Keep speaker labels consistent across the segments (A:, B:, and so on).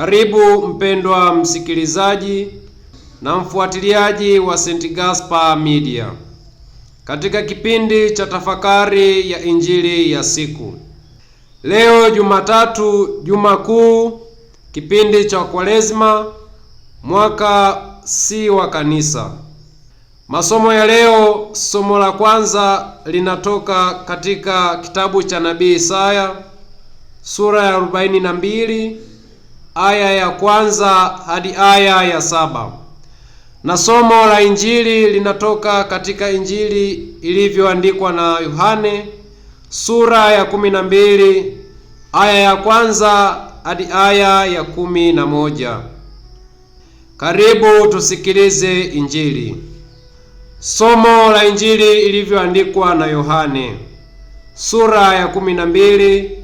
A: Karibu mpendwa msikilizaji na mfuatiliaji wa St. Gaspar Media katika kipindi cha tafakari ya injili ya siku leo, Jumatatu, Juma Kuu, kipindi cha Kwaresma, mwaka si wa Kanisa. Masomo ya leo, somo la kwanza linatoka katika kitabu cha nabii Isaya sura ya 42 aya ya kwanza hadi aya ya saba na somo la Injili linatoka katika Injili ilivyoandikwa na Yohane sura ya kumi na mbili aya ya kwanza hadi aya ya kumi na moja. Karibu tusikilize Injili. Somo la Injili ilivyoandikwa na Yohane sura ya kumi na mbili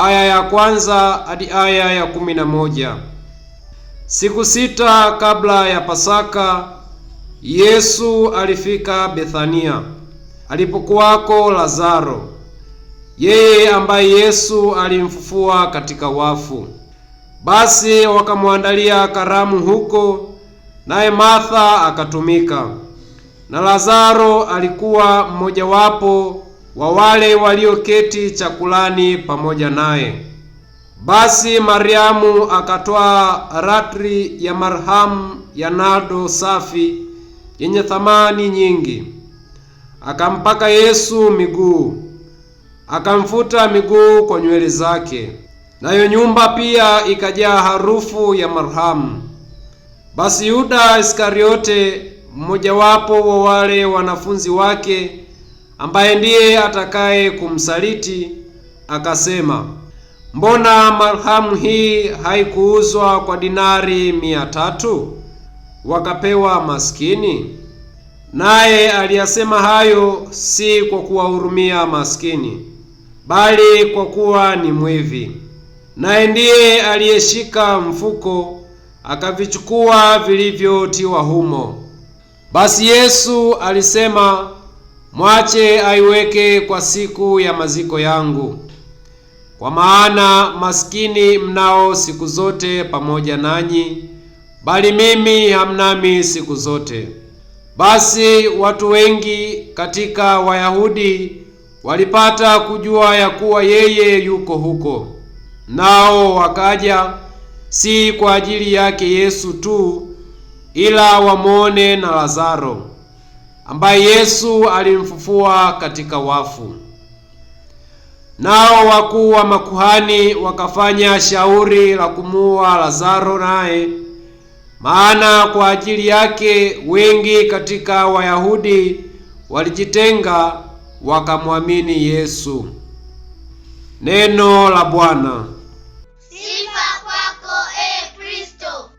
A: aya ya kwanza hadi aya ya kumi na moja. Siku sita kabla ya Pasaka Yesu alifika Bethania alipokuwako Lazaro, yeye ambaye Yesu alimfufua katika wafu. Basi wakamwandalia karamu huko, naye Martha akatumika, na Lazaro alikuwa mmojawapo wa wale walioketi chakulani pamoja naye. Basi Mariamu akatoa ratri ya marhamu ya nardo safi yenye thamani nyingi, akampaka Yesu miguu, akamfuta miguu kwa nywele zake, nayo nyumba pia ikajaa harufu ya marhamu. Basi Yuda Iskariote, mmojawapo wa wale wanafunzi wake ambaye ndiye atakaye kumsaliti akasema, mbona marhamu hii haikuuzwa kwa dinari mia tatu wakapewa maskini? Naye aliyasema hayo si kwa kuwahurumia maskini, bali kwa kuwa ni mwivi. Naye ndiye aliyeshika mfuko akavichukua vilivyotiwa humo. Basi Yesu alisema mwache aiweke kwa siku ya maziko yangu, kwa maana maskini mnao siku zote pamoja nanyi, bali mimi hamnami siku zote. Basi watu wengi katika Wayahudi walipata kujua ya kuwa yeye yuko huko, nao wakaja si kwa ajili yake Yesu tu, ila wamwone na Lazaro ambaye Yesu alimfufua katika wafu. Nao wakuu wa makuhani wakafanya shauri la kumuua Lazaro naye, maana kwa ajili yake wengi katika Wayahudi walijitenga wakamwamini Yesu. Neno la Bwana. Sifa kwako, eh, Kristo.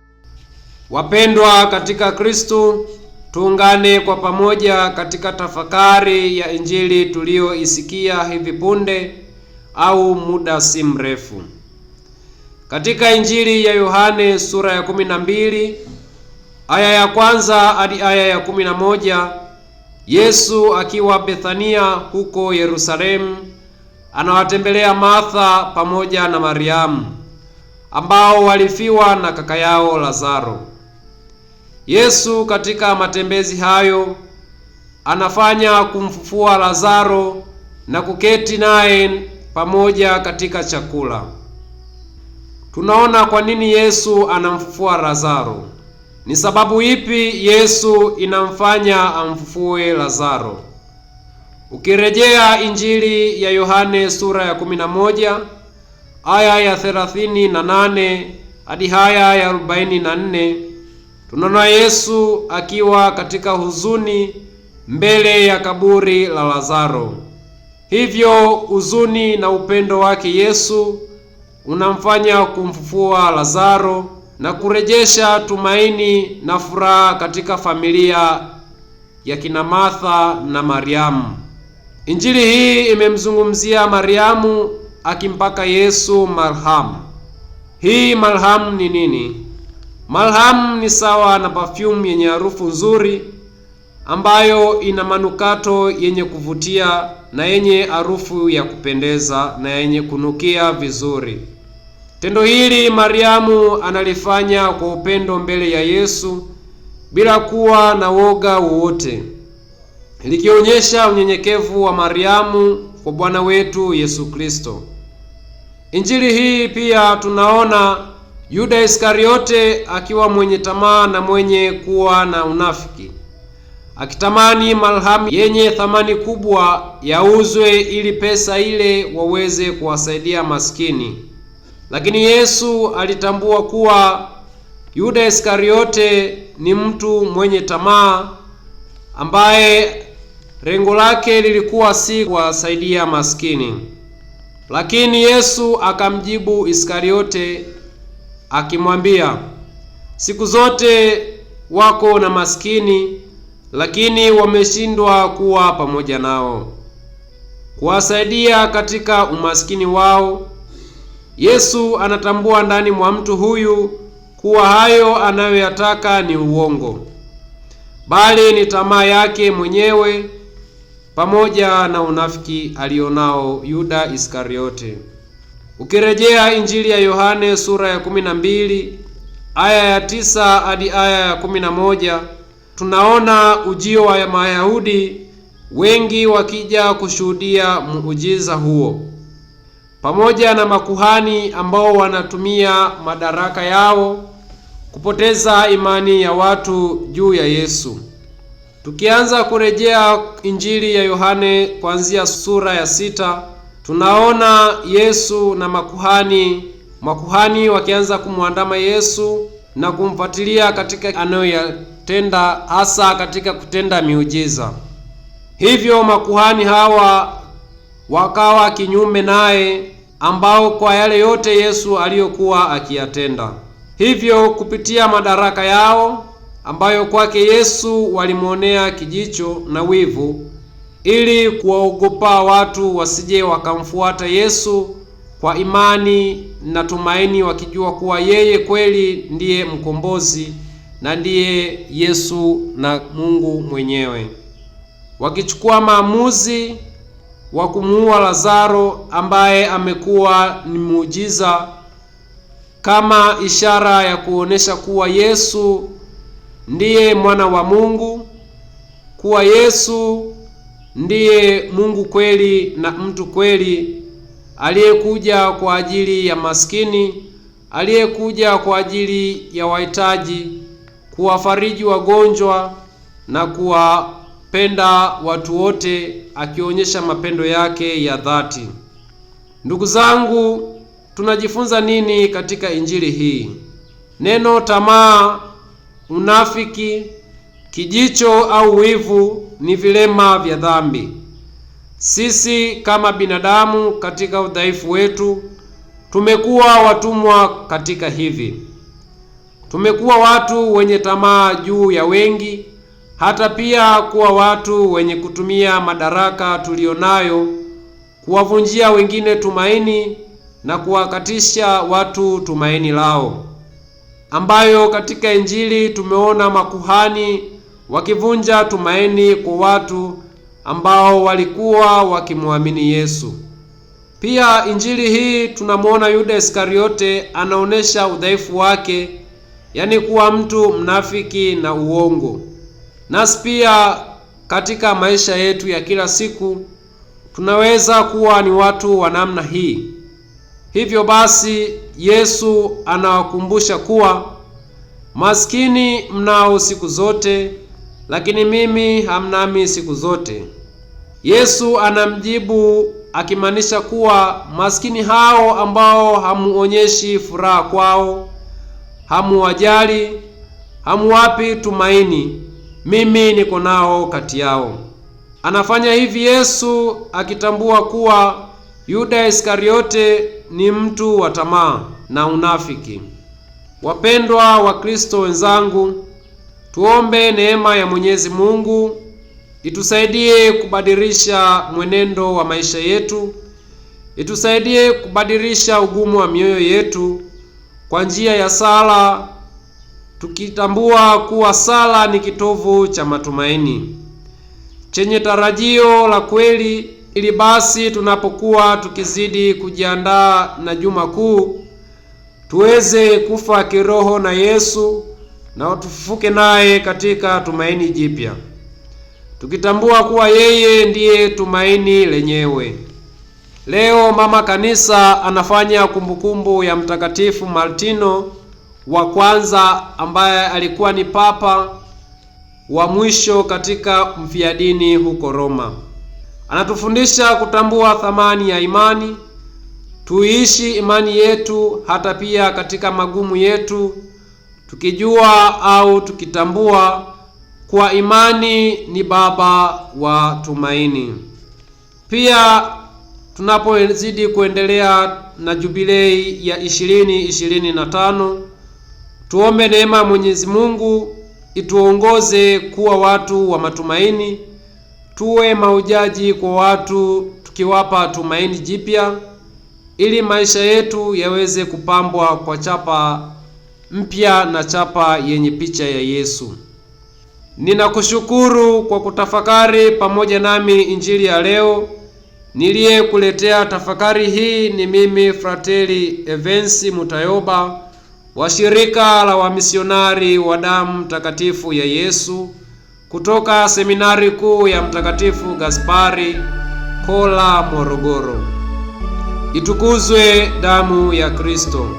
A: Wapendwa katika Kristo Tuungane kwa pamoja katika tafakari ya Injili tuliyoisikia hivi punde au muda si mrefu. Katika Injili ya Yohane sura ya 12 aya ya kwanza hadi aya ya moja Yesu akiwa Bethania huko Yerusalemu anawatembelea Martha pamoja na Mariamu ambao walifiwa na kaka yao Lazaro. Yesu katika matembezi hayo anafanya kumfufua Lazaro na kuketi naye pamoja katika chakula. Tunaona kwa nini Yesu anamfufua Lazaro. Ni sababu ipi Yesu inamfanya amfufue Lazaro? Ukirejea Injili ya Yohane sura ya 11 aya ya 38 hadi haya ya 44 tunaona Yesu akiwa katika huzuni mbele ya kaburi la Lazaro. Hivyo huzuni na upendo wake Yesu unamfanya kumfufua Lazaro na kurejesha tumaini na furaha katika familia ya kina Martha na Mariamu. Injili hii imemzungumzia Mariamu akimpaka Yesu marhamu. Hii marhamu ni nini? Malham ni sawa na perfume yenye harufu nzuri ambayo ina manukato yenye kuvutia na yenye harufu ya kupendeza na yenye kunukia vizuri. Tendo hili Mariamu analifanya kwa upendo mbele ya Yesu bila kuwa na woga wowote, likionyesha unyenyekevu wa Mariamu kwa Bwana wetu Yesu Kristo. Injili hii pia tunaona Yuda Iskariote akiwa mwenye tamaa na mwenye kuwa na unafiki, akitamani malhamu yenye thamani kubwa yauzwe ili pesa ile waweze kuwasaidia maskini. Lakini Yesu alitambua kuwa Yuda Iskariote ni mtu mwenye tamaa ambaye lengo lake lilikuwa si kuwasaidia maskini. Lakini Yesu akamjibu Iskariote akimwambia, siku zote wako na maskini, lakini wameshindwa kuwa pamoja nao, kuwasaidia katika umaskini wao. Yesu anatambua ndani mwa mtu huyu kuwa hayo anayoyataka ni uongo, bali ni tamaa yake mwenyewe pamoja na unafiki alionao Yuda Iskariote. Ukirejea Injili ya Yohane sura ya kumi na mbili aya ya tisa hadi aya ya kumi na moja tunaona ujio wa Mayahudi wengi wakija kushuhudia muujiza huo pamoja na makuhani ambao wanatumia madaraka yao kupoteza imani ya watu juu ya Yesu. Tukianza kurejea Injili ya Yohane kuanzia sura ya sita Tunaona Yesu na makuhani makuhani wakianza kumwandama Yesu na kumfuatilia katika anayoyatenda, hasa katika kutenda miujiza. Hivyo makuhani hawa wakawa kinyume naye, ambao kwa yale yote Yesu aliyokuwa akiyatenda. Hivyo kupitia madaraka yao ambayo kwake Yesu walimwonea kijicho na wivu ili kuwaogopa watu wasije wakamfuata Yesu kwa imani na tumaini, wakijua kuwa yeye kweli ndiye mkombozi na ndiye Yesu na Mungu mwenyewe, wakichukua maamuzi wa kumuua Lazaro ambaye amekuwa ni muujiza kama ishara ya kuonesha kuwa Yesu ndiye mwana wa Mungu, kuwa Yesu ndiye Mungu kweli na mtu kweli, aliyekuja kwa ajili ya maskini, aliyekuja kwa ajili ya wahitaji, kuwafariji wagonjwa na kuwapenda watu wote, akionyesha mapendo yake ya dhati. Ndugu zangu, tunajifunza nini katika injili hii? Neno tamaa, unafiki Kijicho au wivu ni vilema vya dhambi. Sisi kama binadamu katika udhaifu wetu tumekuwa watumwa katika hivi. Tumekuwa watu wenye tamaa juu ya wengi, hata pia kuwa watu wenye kutumia madaraka tuliyonayo kuwavunjia wengine tumaini na kuwakatisha watu tumaini lao, ambayo katika Injili tumeona makuhani wakivunja tumaini kwa watu ambao walikuwa wakimwamini Yesu. Pia injili hii tunamwona Yuda Iskariote anaonesha udhaifu wake, yaani kuwa mtu mnafiki na uongo. Nasi pia katika maisha yetu ya kila siku tunaweza kuwa ni watu wa namna hii. Hivyo basi, Yesu anawakumbusha kuwa maskini mnao siku zote lakini mimi hamnami siku zote. Yesu anamjibu akimaanisha kuwa maskini hao ambao hamuonyeshi furaha kwao, hamuwajali, hamuwapi tumaini, mimi niko nao kati yao. Anafanya hivi Yesu akitambua kuwa Yuda Iskariote ni mtu wa tamaa na unafiki. Wapendwa wa Kristo wenzangu, Tuombe neema ya Mwenyezi Mungu itusaidie kubadilisha mwenendo wa maisha yetu, itusaidie kubadilisha ugumu wa mioyo yetu kwa njia ya sala, tukitambua kuwa sala ni kitovu cha matumaini chenye tarajio la kweli, ili basi tunapokuwa tukizidi kujiandaa na Juma Kuu tuweze kufa kiroho na Yesu nao tufufuke naye katika tumaini jipya, tukitambua kuwa yeye ndiye tumaini lenyewe. Leo mama kanisa anafanya kumbukumbu ya Mtakatifu Martino wa kwanza ambaye alikuwa ni papa wa mwisho katika mfiadini huko Roma. Anatufundisha kutambua thamani ya imani, tuishi imani yetu hata pia katika magumu yetu tukijua au tukitambua kwa imani ni baba wa tumaini. Pia tunapozidi kuendelea na jubilei ya ishirini ishirini na tano tuombe neema ya Mwenyezi Mungu ituongoze kuwa watu wa matumaini, tuwe maujaji kwa watu, tukiwapa tumaini jipya ili maisha yetu yaweze kupambwa kwa chapa mpya na chapa yenye picha ya Yesu. Ninakushukuru kwa kutafakari pamoja nami injili ya leo. Niliyekuletea tafakari hii ni mimi Frateli Evensi Mutayoba wa shirika la wamisionari wa damu mtakatifu ya Yesu kutoka seminari kuu ya Mtakatifu Gaspari Kola, Morogoro. Itukuzwe damu ya Kristo!